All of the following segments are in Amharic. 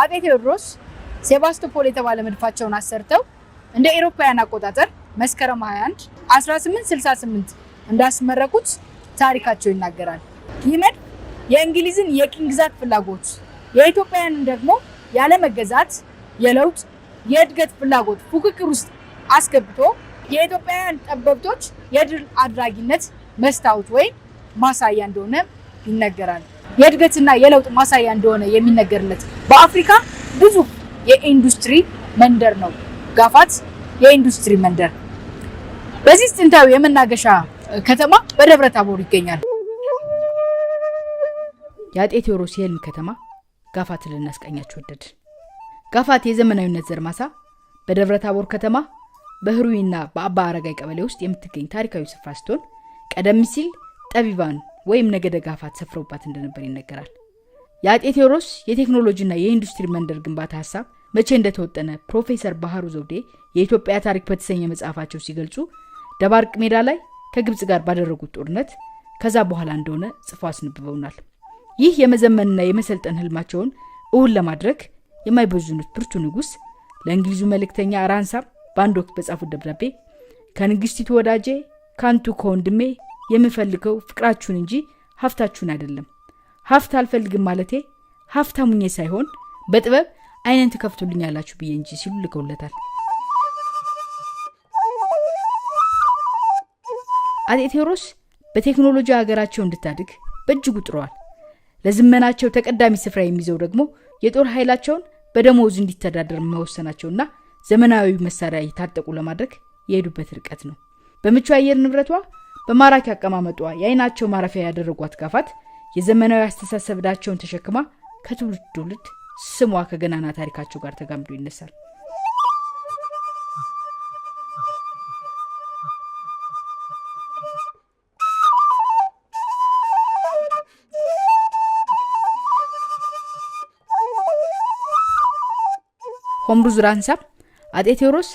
አጤ ቴዎድሮስ ሴባስቶፖል የተባለ መድፋቸውን አሰርተው እንደ ኤሮፓውያን አቆጣጠር መስከረም 21 1868 እንዳስመረቁት ታሪካቸው ይናገራል። ይህ መድፍ የእንግሊዝን የቅኝ ግዛት ፍላጎት የኢትዮጵያውያንን ደግሞ ያለመገዛት፣ የለውጥ፣ የእድገት ፍላጎት ፉክክር ውስጥ አስገብቶ የኢትዮጵያውያን ጠበብቶች የድል አድራጊነት መስታወት ወይም ማሳያ እንደሆነ ይነገራል። የእድገትና የለውጥ ማሳያ እንደሆነ የሚነገርለት በአፍሪካ ብዙ የኢንዱስትሪ መንደር ነው ጋፋት የኢንዱስትሪ መንደር። በዚህ ጥንታዊ የመናገሻ ከተማ በደብረ ታቦር ይገኛል። የአጤ ቴዎድሮስ የህልም ከተማ ጋፋት ልናስቃኛችሁ ወደድ። ጋፋት የዘመናዊነት ዘር ማሳ በደብረ ታቦር ከተማ በህሩይና በአባ አረጋይ ቀበሌ ውስጥ የምትገኝ ታሪካዊ ስፍራ ስትሆን ቀደም ሲል ጠቢባን ወይም ነገደ ጋፋት ሰፍረውባት እንደነበር ይነገራል። የአጤ ቴዎድሮስ የቴክኖሎጂና የኢንዱስትሪ መንደር ግንባታ ሀሳብ መቼ እንደተወጠነ ፕሮፌሰር ባህሩ ዘውዴ የኢትዮጵያ ታሪክ በተሰኘ መጽሐፋቸው ሲገልጹ ደባርቅ ሜዳ ላይ ከግብፅ ጋር ባደረጉት ጦርነት ከዛ በኋላ እንደሆነ ጽፎ አስነብበውናል። ይህ የመዘመንና የመሰልጠን ህልማቸውን እውን ለማድረግ የማይበዙኑት ብርቱ ንጉሥ ለእንግሊዙ መልእክተኛ ራንሳም በአንድ ወቅት በጻፉት ደብዳቤ ከንግሥቲቱ ወዳጄ ከአንቱ ከወንድሜ የምፈልገው ፍቅራችሁን እንጂ ሀብታችሁን አይደለም። ሀብት አልፈልግም ማለቴ ሀብታሙኜ ሳይሆን በጥበብ ዓይኔን ትከፍቱልኛላችሁ ብዬ እንጂ ሲሉ ልከውለታል። አጤ ቴዎድሮስ በቴክኖሎጂ ሀገራቸው እንድታድግ በእጅጉ ጥረዋል። ለዝመናቸው ተቀዳሚ ስፍራ የሚይዘው ደግሞ የጦር ኃይላቸውን በደሞዝ እንዲተዳደር መወሰናቸውና ዘመናዊ መሳሪያ የታጠቁ ለማድረግ የሄዱበት ርቀት ነው። በምቹ አየር ንብረቷ በማራኪ አቀማመጧ የአይናቸው ማረፊያ ያደረጓት ጋፋት የዘመናዊ አስተሳሰብ ዳቸውን ተሸክማ ከትውልድ ትውልድ ስሟ ከገናና ታሪካቸው ጋር ተጋምዶ ይነሳል። ሆምሩ ዙራንሳም አጤ ቴዎድሮስ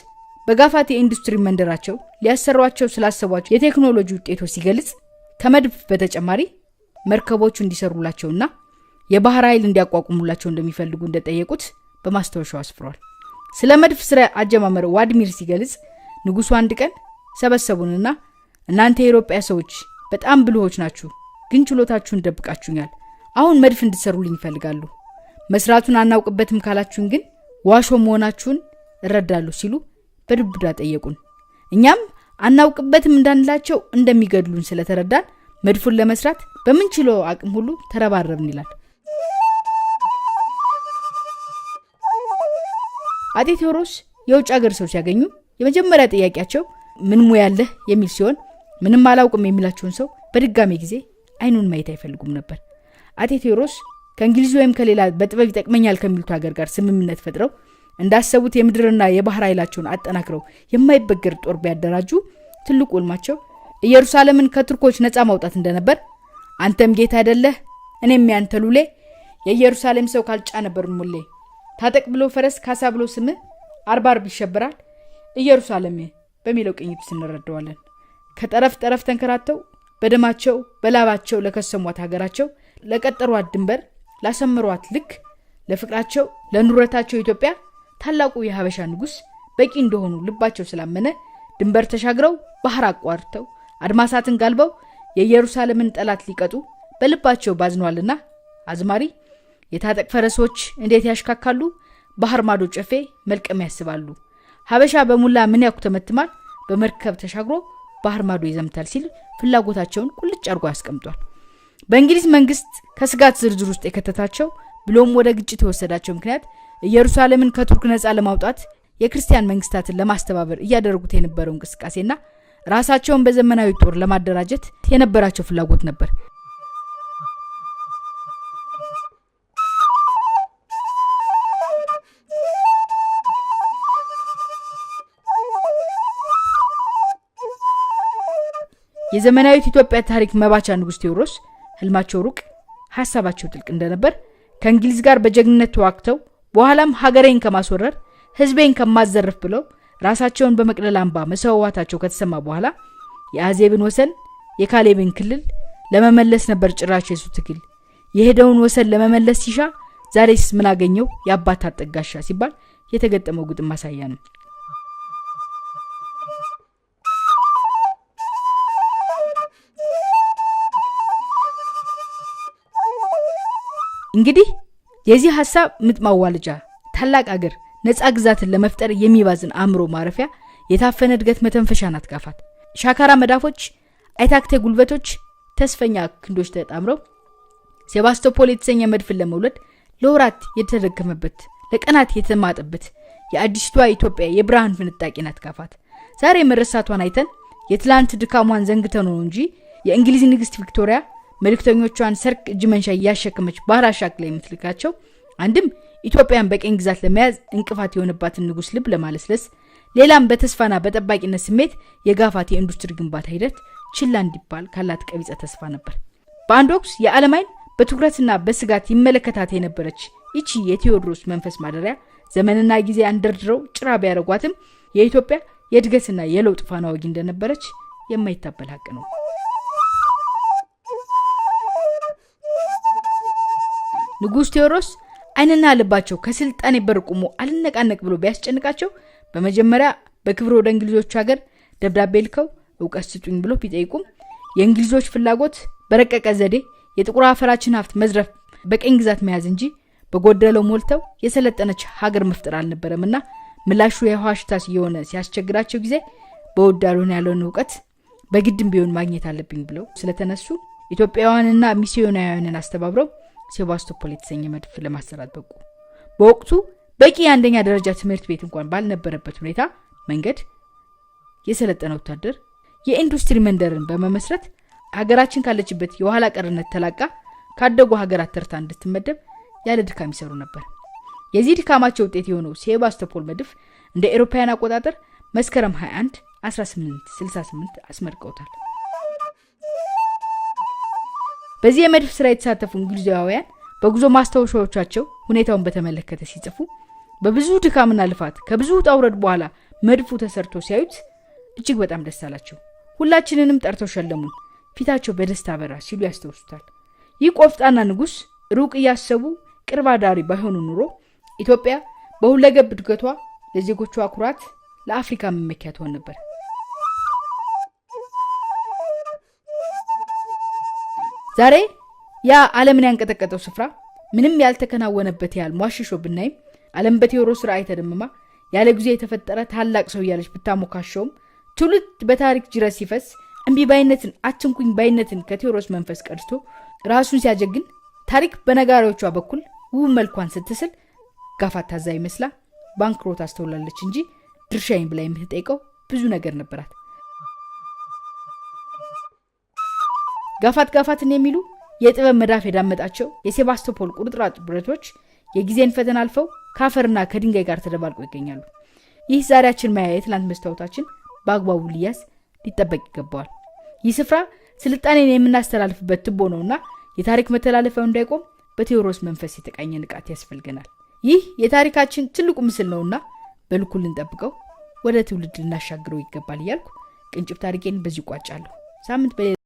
በጋፋት የኢንዱስትሪ መንደራቸው ሊያሰሯቸው ስላሰቧቸው የቴክኖሎጂ ውጤቶች ሲገልጽ ከመድፍ በተጨማሪ መርከቦቹ እንዲሰሩላቸውና የባህር ኃይል እንዲያቋቁሙላቸው እንደሚፈልጉ እንደጠየቁት በማስታወሻው አስፍሯል። ስለ መድፍ ስራ አጀማመር ዋድሚር ሲገልጽ ንጉሱ አንድ ቀን ሰበሰቡንና እናንተ የኢትዮጵያ ሰዎች በጣም ብልሆች ናችሁ፣ ግን ችሎታችሁን ደብቃችሁኛል። አሁን መድፍ እንድትሰሩልኝ ይፈልጋሉ። መስራቱን አናውቅበትም ካላችሁን ግን ዋሾ መሆናችሁን እረዳለሁ ሲሉ በዱብዳ ጠየቁን። እኛም አናውቅበትም እንዳንላቸው እንደሚገድሉን ስለተረዳን መድፉን ለመስራት በምንችለው አቅም ሁሉ ተረባረብን ይላል። አጤ ቴዎድሮስ የውጭ ሀገር ሰው ሲያገኙ የመጀመሪያ ጥያቄያቸው ምን ሙያ አለህ የሚል ሲሆን ምንም አላውቅም የሚላቸውን ሰው በድጋሚ ጊዜ አይኑን ማየት አይፈልጉም ነበር። አጤ ቴዎድሮስ ከእንግሊዝ ወይም ከሌላ በጥበብ ይጠቅመኛል ከሚሉት ሀገር ጋር ስምምነት ፈጥረው እንዳሰቡት የምድርና የባህር ኃይላቸውን አጠናክረው የማይበገር ጦር ቢያደራጁ ትልቁ ሕልማቸው ኢየሩሳሌምን ከቱርኮች ነፃ ማውጣት እንደነበር አንተም ጌታ አይደለህ እኔም ያንተ ሉሌ የኢየሩሳሌም ሰው ካልጫ ነበር ሙሌ ታጠቅ ብሎ ፈረስ ካሳ ብሎ ስም አርባርብ ይሸበራል ኢየሩሳሌም በሚለው ቅኝት ስንረደዋለን ከጠረፍ ጠረፍ ተንከራተው በደማቸው በላባቸው ለከሰሟት ሀገራቸው ለቀጠሯት ድንበር ላሰምሯት ልክ ለፍቅራቸው ለኑረታቸው ኢትዮጵያ ታላቁ የሀበሻ ንጉሥ በቂ እንደሆኑ ልባቸው ስላመነ ድንበር ተሻግረው ባህር አቋርተው አድማሳትን ጋልበው የኢየሩሳሌምን ጠላት ሊቀጡ በልባቸው ባዝኗልና አዝማሪ የታጠቅ ፈረሶች እንዴት ያሽካካሉ፣ ባህር ማዶ ጨፌ መልቀም ያስባሉ፣ ሀበሻ በሙላ ምን ያኩ ተመትማል፣ በመርከብ ተሻግሮ ባህር ማዶ ይዘምታል ሲል ፍላጎታቸውን ቁልጭ አድርጎ ያስቀምጧል። በእንግሊዝ መንግስት ከስጋት ዝርዝር ውስጥ የከተታቸው ብሎም ወደ ግጭት የወሰዳቸው ምክንያት ኢየሩሳሌምን ከቱርክ ነጻ ለማውጣት የክርስቲያን መንግስታትን ለማስተባበር እያደረጉት የነበረው እንቅስቃሴና ራሳቸውን በዘመናዊ ጦር ለማደራጀት የነበራቸው ፍላጎት ነበር። የዘመናዊት ኢትዮጵያ ታሪክ መባቻ ንጉሥ ቴዎድሮስ ህልማቸው ሩቅ፣ ሀሳባቸው ጥልቅ እንደነበር ከእንግሊዝ ጋር በጀግንነት ተዋግተው በኋላም ሀገሬን ከማስወረር ህዝቤን ከማዘርፍ ብለው ራሳቸውን በመቅለል አምባ መሰዋዋታቸው ከተሰማ በኋላ የአዜብን ወሰን የካሌብን ክልል ለመመለስ ነበር ጭራሽ የሱ ትግል። የሄደውን ወሰን ለመመለስ ሲሻ ዛሬስ ምናገኘው የአባት አጠጋሻ ሲባል የተገጠመው ግጥም ማሳያ ነው። እንግዲህ የዚህ ሀሳብ ምጥ ማዋለጃ ታላቅ አገር ነፃ ግዛትን ለመፍጠር የሚባዝን አእምሮ ማረፊያ የታፈነ እድገት መተንፈሻ ናት ጋፋት። ሻካራ መዳፎች፣ አይታክቴ ጉልበቶች፣ ተስፈኛ ክንዶች ተጣምረው ሴባስቶፖል የተሰኘ መድፍን ለመውለድ ለወራት የተደገመበት ለቀናት የተማጠበት የአዲስቷ ኢትዮጵያ የብርሃን ፍንጣቂ ናት ጋፋት። ዛሬ መረሳቷን አይተን የትላንት ድካሟን ዘንግተ ነው እንጂ የእንግሊዝ ንግሥት ቪክቶሪያ መልእክተኞቿን ሰርክ እጅ መንሻ እያሸከመች ባህር ላይ የምትልካቸው አንድም ኢትዮጵያን በቀኝ ግዛት ለመያዝ እንቅፋት የሆነባትን ንጉሥ ልብ ለማለስለስ፣ ሌላም በተስፋና በጠባቂነት ስሜት የጋፋት የኢንዱስትሪ ግንባታ ሂደት ችላ እንዲባል ካላት ቀቢጸ ተስፋ ነበር። በአንድ ወቅት የዓለም ዓይን በትኩረትና በስጋት ይመለከታት የነበረች ይቺ የቴዎድሮስ መንፈስ ማደሪያ ዘመንና ጊዜ አንደርድረው ጭራ ቢያደረጓትም የኢትዮጵያ የእድገትና የለውጥ ፋና ወጊ እንደነበረች የማይታበል ሀቅ ነው። ንጉሥ ቴዎድሮስ አይንና ልባቸው ከስልጣኔ በር ቁሞ አልነቃነቅ ብሎ ቢያስጨንቃቸው በመጀመሪያ በክብር ወደ እንግሊዞች ሀገር ደብዳቤ ልከው እውቀት ስጡኝ ብሎ ቢጠይቁም የእንግሊዞች ፍላጎት በረቀቀ ዘዴ የጥቁር አፈራችን ሀብት መዝረፍ፣ በቀኝ ግዛት መያዝ እንጂ በጎደለው ሞልተው የሰለጠነች ሀገር መፍጠር አልነበረም ምላሹ የውሃ ሽታ እየሆነ ሲያስቸግራቸው ጊዜ በወዳሉን ያለውን እውቀት በግድም ቢሆን ማግኘት አለብኝ ብለው ስለተነሱ ኢትዮጵያውያንና ሚስዮናውያንን አስተባብረው ሴባስቶፖል የተሰኘ መድፍ ለማሰራት በቁ። በወቅቱ በቂ የአንደኛ ደረጃ ትምህርት ቤት እንኳን ባልነበረበት ሁኔታ መንገድ የሰለጠነ ወታደር የኢንዱስትሪ መንደርን በመመስረት ሀገራችን ካለችበት የኋላ ቀርነት ተላቃ ካደጉ ሀገራት ተርታ እንድትመደብ ያለ ድካም ይሰሩ ነበር። የዚህ ድካማቸው ውጤት የሆነው ሴባስቶፖል መድፍ እንደ ኤሮፓውያን አቆጣጠር መስከረም 21 1868 አስመርቀውታል። በዚህ የመድፍ ስራ የተሳተፉ እንግሊዛውያን በጉዞ ማስታወሻዎቻቸው ሁኔታውን በተመለከተ ሲጽፉ በብዙ ድካምና ልፋት ከብዙ ጣውረድ በኋላ መድፉ ተሰርቶ ሲያዩት እጅግ በጣም ደስ አላቸው። ሁላችንንም ጠርተው ሸለሙን፣ ፊታቸው በደስታ በራ ሲሉ ያስታውሱታል። ይህ ቆፍጣና ንጉሥ ሩቅ እያሰቡ ቅርብ አዳሪ ባይሆኑ ኑሮ ኢትዮጵያ በሁለገብ እድገቷ ለዜጎቿ ኩራት፣ ለአፍሪካ መመኪያ ትሆን ነበር። ዛሬ ያ ዓለምን ያንቀጠቀጠው ስፍራ ምንም ያልተከናወነበት ያህል ሟሽሾ ብናይም ዓለም በቴዎድሮስ ራዕይ ተደምማ ያለ ጊዜ የተፈጠረ ታላቅ ሰው እያለች ብታሞካሸውም ትውልድ በታሪክ ጅረ ሲፈስ እምቢ ባይነትን አችንኩኝ ባይነትን ከቴዎድሮስ መንፈስ ቀድቶ ራሱን ሲያጀግን ታሪክ በነጋሪዎቿ በኩል ውብ መልኳን ስትስል ጋፋት ታዛ ይመስላ ባንክሮት አስተውላለች እንጂ ድርሻይን ብላ የምትጠይቀው ብዙ ነገር ነበራት። ጋፋት ጋፋትን የሚሉ የጥበብ መዳፍ የዳመጣቸው የሴባስቶፖል ቁርጥራጭ ብረቶች የጊዜን ፈተና አልፈው ከአፈርና ከድንጋይ ጋር ተደባልቆ ይገኛሉ። ይህ ዛሬያችን ማያ የትናንት መስታወታችን በአግባቡ ሊያዝ ሊጠበቅ ይገባዋል። ይህ ስፍራ ስልጣኔን የምናስተላልፍበት ትቦ ነውና የታሪክ መተላለፊያው እንዳይቆም በቴዎድሮስ መንፈስ የተቃኘ ንቃት ያስፈልገናል። ይህ የታሪካችን ትልቁ ምስል ነውና በልኩ ልንጠብቀው፣ ወደ ትውልድ ልናሻግረው ይገባል እያልኩ ቅንጭብ ታሪኬን በዚህ ቋጫለሁ። ሳምንት በሌ